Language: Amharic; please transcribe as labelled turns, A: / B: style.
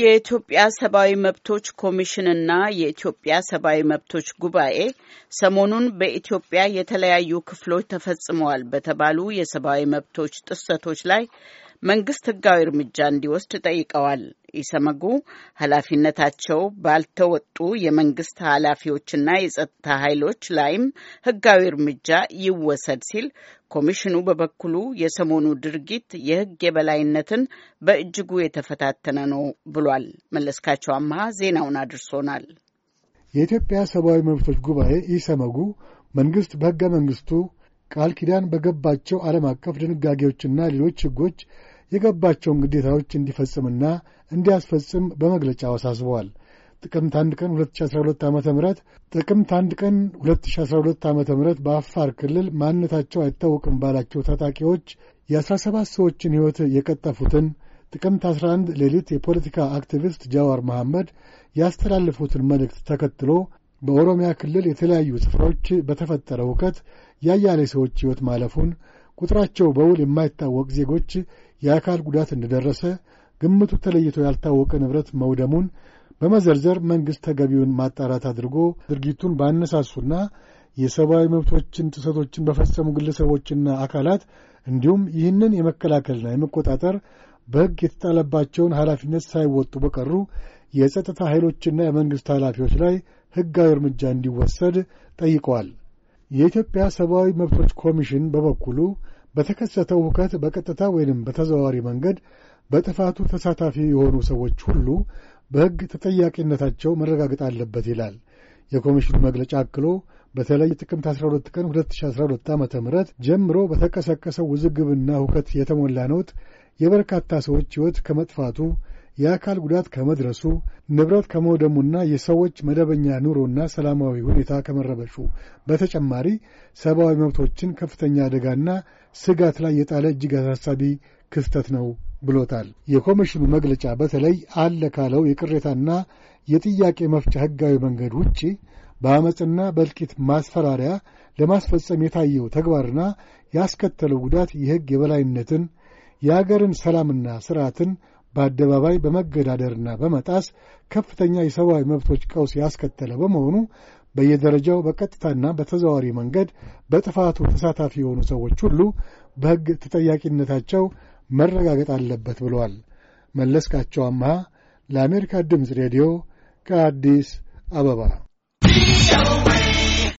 A: የኢትዮጵያ ሰብአዊ መብቶች ኮሚሽንና የኢትዮጵያ ሰብአዊ መብቶች ጉባኤ ሰሞኑን በኢትዮጵያ የተለያዩ ክፍሎች ተፈጽመዋል በተባሉ የሰብአዊ መብቶች ጥሰቶች ላይ መንግስት ህጋዊ እርምጃ እንዲወስድ ጠይቀዋል። ኢሰመጉ ኃላፊነታቸው ባልተወጡ የመንግስት ኃላፊዎችና የጸጥታ ኃይሎች ላይም ህጋዊ እርምጃ ይወሰድ ሲል፣ ኮሚሽኑ በበኩሉ የሰሞኑ ድርጊት የህግ የበላይነትን በእጅጉ የተፈታተነ ነው ብሏል። መለስካቸው አማሃ ዜናውን አድርሶናል።
B: የኢትዮጵያ ሰብአዊ መብቶች ጉባኤ ኢሰመጉ መንግስት በህገ መንግስቱ ቃል ኪዳን በገባቸው ዓለም አቀፍ ድንጋጌዎችና ሌሎች ህጎች የገባቸውን ግዴታዎች እንዲፈጽምና እንዲያስፈጽም በመግለጫው አሳስበዋል። ጥቅምት 1 ቀን 2012 ዓ ም ጥቅምት 1 ቀን 2012 ዓ ም በአፋር ክልል ማንነታቸው አይታወቅም ባላቸው ታጣቂዎች የ17 ሰዎችን ሕይወት የቀጠፉትን ጥቅምት 11 ሌሊት የፖለቲካ አክቲቪስት ጃዋር መሐመድ ያስተላለፉትን መልእክት ተከትሎ በኦሮሚያ ክልል የተለያዩ ስፍራዎች በተፈጠረ ሁከት ያያሌ ሰዎች ሕይወት ማለፉን ቁጥራቸው በውል የማይታወቅ ዜጎች የአካል ጉዳት እንደደረሰ ግምቱ ተለይቶ ያልታወቀ ንብረት መውደሙን በመዘርዘር መንግሥት ተገቢውን ማጣራት አድርጎ ድርጊቱን ባነሳሱና የሰብአዊ መብቶችን ጥሰቶችን በፈጸሙ ግለሰቦችና አካላት እንዲሁም ይህንን የመከላከልና የመቆጣጠር በሕግ የተጣለባቸውን ኃላፊነት ሳይወጡ በቀሩ የጸጥታ ኃይሎችና የመንግሥት ኃላፊዎች ላይ ሕጋዊ እርምጃ እንዲወሰድ ጠይቀዋል። የኢትዮጵያ ሰብአዊ መብቶች ኮሚሽን በበኩሉ በተከሰተው ሁከት በቀጥታ ወይንም በተዘዋዋሪ መንገድ በጥፋቱ ተሳታፊ የሆኑ ሰዎች ሁሉ በሕግ ተጠያቂነታቸው መረጋገጥ አለበት ይላል የኮሚሽኑ መግለጫ። አክሎ በተለይ ጥቅምት 12 ቀን 2012 ዓ ም ጀምሮ በተቀሰቀሰው ውዝግብና ሁከት የተሞላ ነውጥ የበርካታ ሰዎች ሕይወት ከመጥፋቱ የአካል ጉዳት ከመድረሱ ንብረት ከመውደሙና የሰዎች መደበኛ ኑሮና ሰላማዊ ሁኔታ ከመረበሹ በተጨማሪ ሰብአዊ መብቶችን ከፍተኛ አደጋና ስጋት ላይ የጣለ እጅግ አሳሳቢ ክስተት ነው ብሎታል። የኮሚሽኑ መግለጫ በተለይ አለ ካለው የቅሬታና የጥያቄ መፍቻ ሕጋዊ መንገድ ውጪ በአመፅና በእልቂት ማስፈራሪያ ለማስፈጸም የታየው ተግባርና ያስከተለው ጉዳት የሕግ የበላይነትን የአገርን ሰላምና ሥርዓትን በአደባባይ በመገዳደርና በመጣስ ከፍተኛ የሰብአዊ መብቶች ቀውስ ያስከተለ በመሆኑ በየደረጃው በቀጥታና በተዘዋዋሪ መንገድ በጥፋቱ ተሳታፊ የሆኑ ሰዎች ሁሉ በሕግ ተጠያቂነታቸው መረጋገጥ አለበት ብለዋል። መለስካቸው አምሃ ለአሜሪካ ድምፅ ሬዲዮ ከአዲስ አበባ